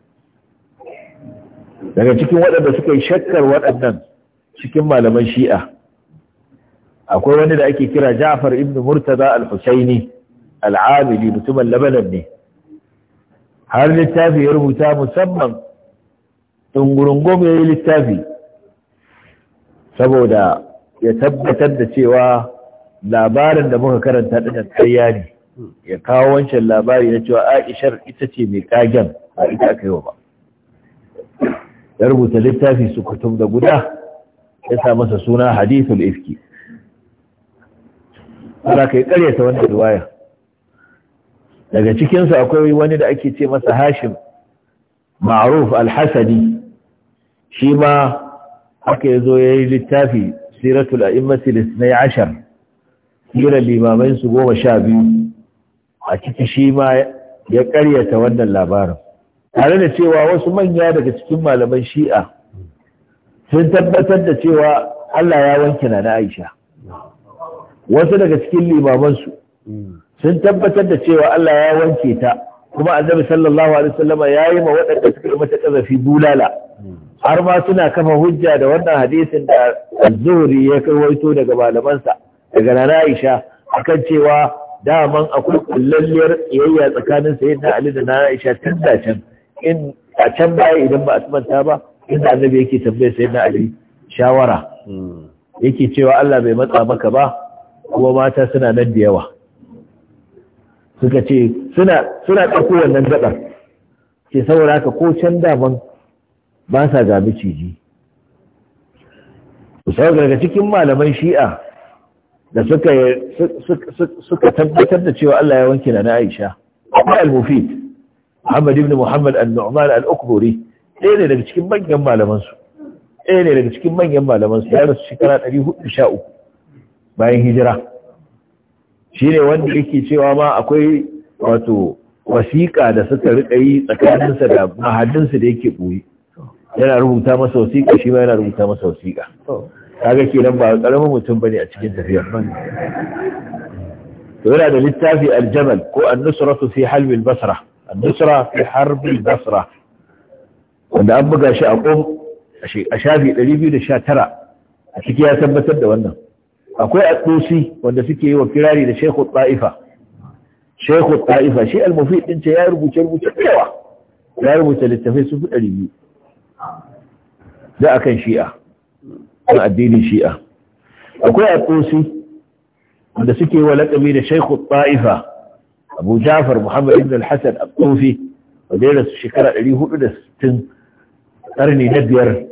daga cikin waɗanda suka yi shakkar waɗannan cikin malaman shi'a akwai wani da ake kira Ja'far ibn Murtaza al-Husaini al-Amili mutumin Lebanon ne har littafi ya rubuta musamman dungurungum ya yi littafi saboda ya tabbatar da cewa labarin da muka karanta ɗin ƙarya ne ya kawo wancan labari na cewa aishar ita ce mai kagen a ita aka yi wa ba ya rubuta littafi su kutum da guda ya sa masa suna hadithul ifki ana kai karyata wannan riwaya daga cikinsu akwai wani da ake ce masa hashim ma'aruf al shi ma haka ya zo ya yi littafi siratul a'immatul 12 sirar limamai su goma sha biyu a ciki shi ma ya karyata wannan labarin tare da cewa wasu manya daga cikin malaman shi'a sun tabbatar da cewa Allah ya wanke na Aisha wasu daga cikin limamansu sun tabbatar da cewa Allah ya wanke ta kuma annabi sallallahu alaihi wasallama ya yi ma waɗanda suka yi mata kazafi bulala har ma suna kafa hujja da wannan hadisin da al-Zuhri ya karwaito daga malamansa daga nana Aisha akan cewa daman akwai kullalliyar yayya tsakanin da Ali da na Aisha tun da can in a can baya idan ba a manta ba Idan annabi yake sai da Ali shawara hmm. yake cewa Allah bai matsa maka ba kuma mata suna nan da yawa suka ce suna suna ɗauko wannan gaɗar ke saboda haka ko can daman ba sa ga miciji. Sau daga cikin malaman shi'a da suka tabbatar da cewa Allah ya wanke na Aisha akwai al-Mufid Muhammad ibn Muhammad al-Nu'man al-Ukburi ɗaya ne daga cikin manyan malaman ɗaya ne daga cikin manyan malaman su ya rasu shekara 413 bayan hijira shine wanda yake cewa ma akwai wato wasiƙa da suka rika yi tsakaninsa da mahadinsa da yake ɓoye yana rubuta masa wasiƙa shi ma yana rubuta masa wasiƙa kaga kenan ba karamin mutum bane a cikin tafiyar to yana da littafi aljamal ko an-nusratu fi halbi al-basra an-nusra fi harbi al-basra wanda an buga shi a qom a shafi 219 a ciki ya tabbatar da wannan akwai atusi wanda suke yi wa kirari da shaykhu ta'ifa shaykhu ta'ifa shi al-mufid din ce ya rubuce rubuce yawa ya rubuce littafai su 200 da akan shi'a na addinin shi'a akwai akosi da suke wa laƙabi da shaikhu ta'ifa abu jafar muhammad ibn al-hassan al-tufi wanda su shekara 460 ƙarni na biyar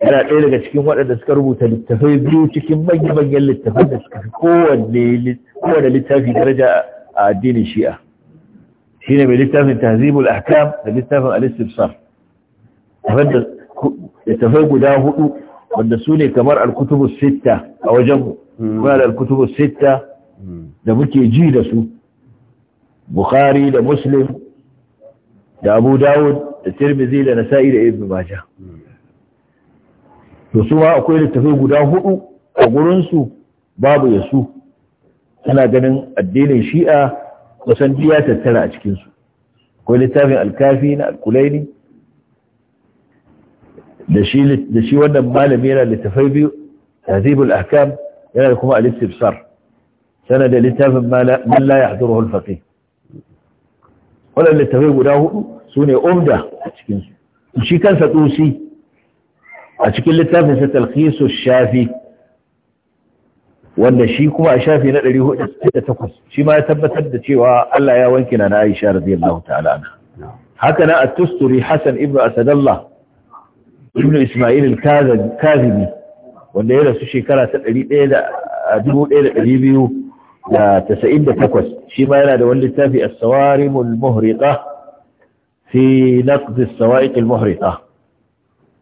yana ɗaya daga cikin waɗanda suka rubuta littafai biyu cikin manya-manyan littafai da suka fi kowane littafi daraja a addinin shi'a shi ne mai littafin tahzibul ahkam da littafin al-istifsar littafai guda hudu wanda su ne kamar alkutubu sitta a wajenmu hmm. muna da alkutubu sitta hmm. da muke ji da su bukhari da muslim da abu dawud da tirmizi da nasa'i da ibn maja hmm. to su ma akwai littafai guda hudu a gurinsu babu yasu tana ganin addinin shi'a kusan biya tattara a cikinsu akwai littafin alkafi na alkulaini da shi wannan malami yana littafai biyu tahzibul ahkam yana da kuma al-istibsar sana da littafin man la yahduruhu al-faqih wannan littafai guda hudu sune umda a cikin su shi kansa tusi a cikin littafin sa talkhisu shafi wanda shi kuma a shafi na 468 shi ma ya tabbatar da cewa Allah ya wanke na Aisha radiyallahu ta'ala anha haka na at-tusturi Hasan ibnu Asadallah ibn isma'il al-kazibi wanda ya rasu shekara ta 1298 shi ma yana da wani littafi as-sawarim al-muhriqa fi naqd as-sawa'iq al-muhriqa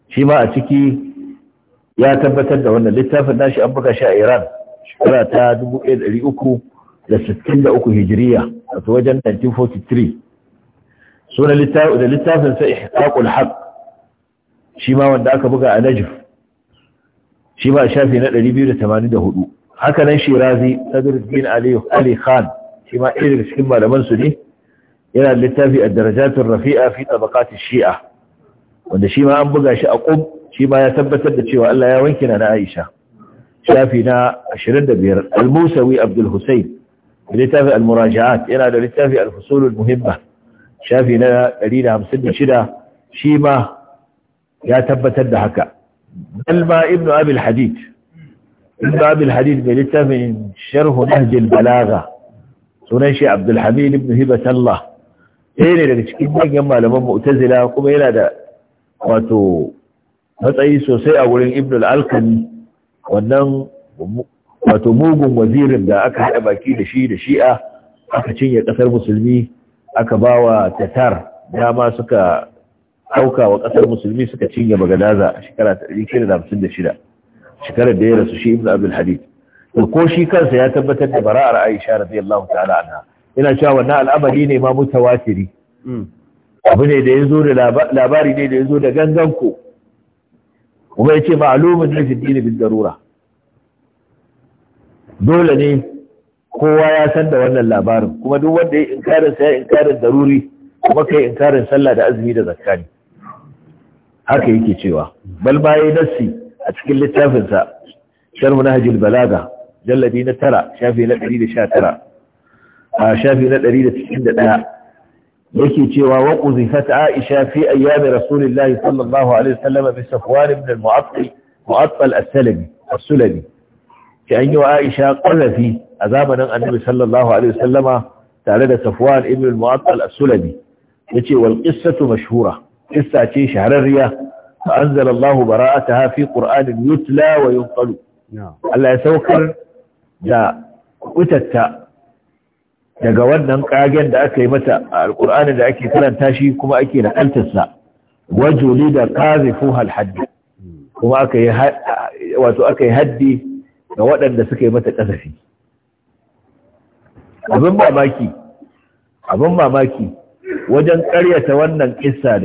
shi ma a ciki ya tabbatar da wannan littafin nashi an buga shi a Iran shekara ta 1363 hijiriya wato wajen 1943 sunan littafin sa ihqaqul haqq shi ma wanda aka buga a najif shi ma shafi na 284 haka nan shirazi sadruddin ali ali khan shi ma irin cikin malaman su ne yana littafi a darajatun rafi'a fi tabaqati shi'a wanda shi ma an buga shi a qum shi ma ya tabbatar da cewa Allah ya wanke na Aisha shafi na 25 al-Musawi Abdul Husayn littafi al-Murajaat yana da littafi al-Fusul al-Muhimma shafi na 156 shi ma ya tabbatar da haka balma ibnu abil hadid ibnu abil hadid mai littafin sharhu nahjil balaga sunan shi abdul hamid ibn hibatallah ɗaya ne daga cikin manyan malaman mu'tazila kuma yana da wato matsayi sosai a wurin ibnu al wannan wato mugun wazirin da aka haɗa baki da shi da shi'a aka cinye ƙasar musulmi aka ba wa tatar dama suka auka wa kasar musulmi suka cinye bagadaza a shekara ta 1956 shekarar da ya rasu shi ibn abdul hadid ko shi kansa ya tabbatar da bara'ar aisha radiyallahu ta'ala anha ina cewa wannan al'amari ne ma mutawatiri abu ne da yazo da labari ne da yazo da gangan ko kuma yace ma'lumun ne fi dini bil darura dole ne kowa ya san da wannan labarin kuma duk wanda ya inkarin sa ya inkarin daruri kuma kai inkarin sallah da azumi da zakka ne haka yake cewa bal baye nassi a cikin littafinsa sharh nahjul balaga jalladi na tara shafi na 119 a shafi na 191 yake cewa wa quzifat aisha fi ayyam rasulillahi sallallahu alaihi wasallam bi safwan ibn al-mu'attal mu'attal as-salami as-sulami ki an yi wa aisha qazafi a zamanin annabi sallallahu alaihi wasallama tare da safwan ibn al-mu'attal as-sulami yace wal qissatu mashhura kissa ce shahararriya fa anzalallahu bara'ataha fi qur'anin yutla wa yunqalu Allah ya saukar da kutatta daga wannan kagen da aka yi mata a alqur'ani da ake karanta shi kuma ake da kantarsa wajuli da qazifu hal haddi kuma aka yi wato aka yi haddi ga waɗanda suka yi mata kasafi abin mamaki abin mamaki wajen karyata wannan kissa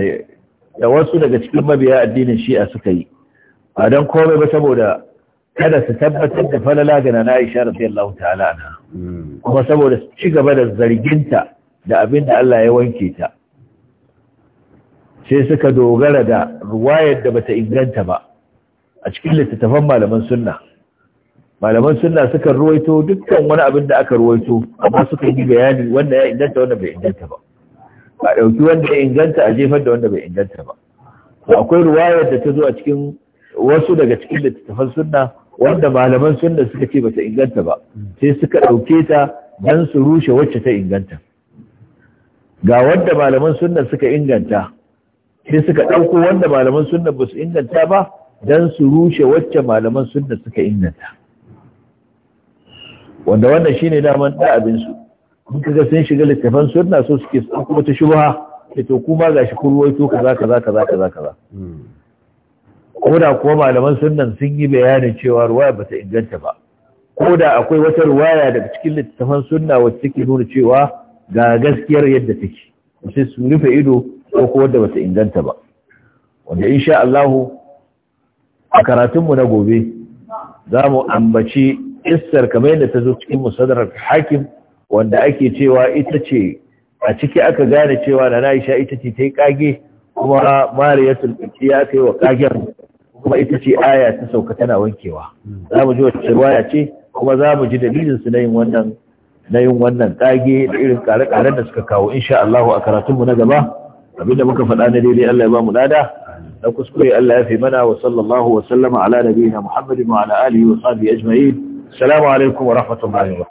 da wasu daga cikin mabiya addinin shi'a suka yi a don komai ba saboda kada su tabbatar da falala ga na Aisha Allah ta'ala na hmm. kuma saboda su ci gaba da zarginta da abin da Allah ya wanke ta sai suka dogara da ruwayar da bata inganta ba a cikin littattafan malaman sunna malaman sunna suka ruwaito dukkan wani abin da aka ruwaito amma suka yi bayani wanda ya inganta wanda bai inganta ba a ɗauki wanda ya inganta a jefar da wanda bai inganta ba to akwai ruwayar da ta zo a cikin wasu daga cikin littattafan sunna wanda malaman sunna suka ce bata inganta ba sai suka ɗauke ta don su rushe wacce ta inganta ga wanda malaman sunna suka inganta sai suka ɗauko wanda malaman sunna ba su inganta ba don su rushe wacce malaman sunna suka inganta wanda wannan shine daman da abinsu in ga sun shiga littafan sunna so suke su kuma ta shubha da to kuma gashi kun ruwaito kaza kaza kaza kaza kaza ko da kuma malaman sunnan sun yi bayanin cewa ruwaya bata inganta ba ko da akwai wata ruwaya daga cikin littafan sunna wacce take nuna cewa ga gaskiyar yadda take sai su rufe ido ko ko wadda bata inganta ba wanda insha Allah a mu na gobe za mu ambaci issar kamar yadda ta zo cikin musadarar hakim wanda ake cewa ita ce a ciki aka gane cewa na Aisha ita ce ta yi kage kuma mariyatul ya kai wa kagen kuma ita ce aya ta sauka tana wankewa za mu ji wacce waya ce kuma za mu ji dalilin su na yin wannan na yin wannan kage da irin ƙare-ƙaren da suka kawo insha Allah a karatunmu na gaba abinda muka faɗa na daidai Allah ya ba mu lada na kuskure Allah ya fi mana wa sallallahu wa sallama ala nabiyina Muhammadin wa ala alihi wa sahbihi ajma'in assalamu alaikum wa rahmatullahi wa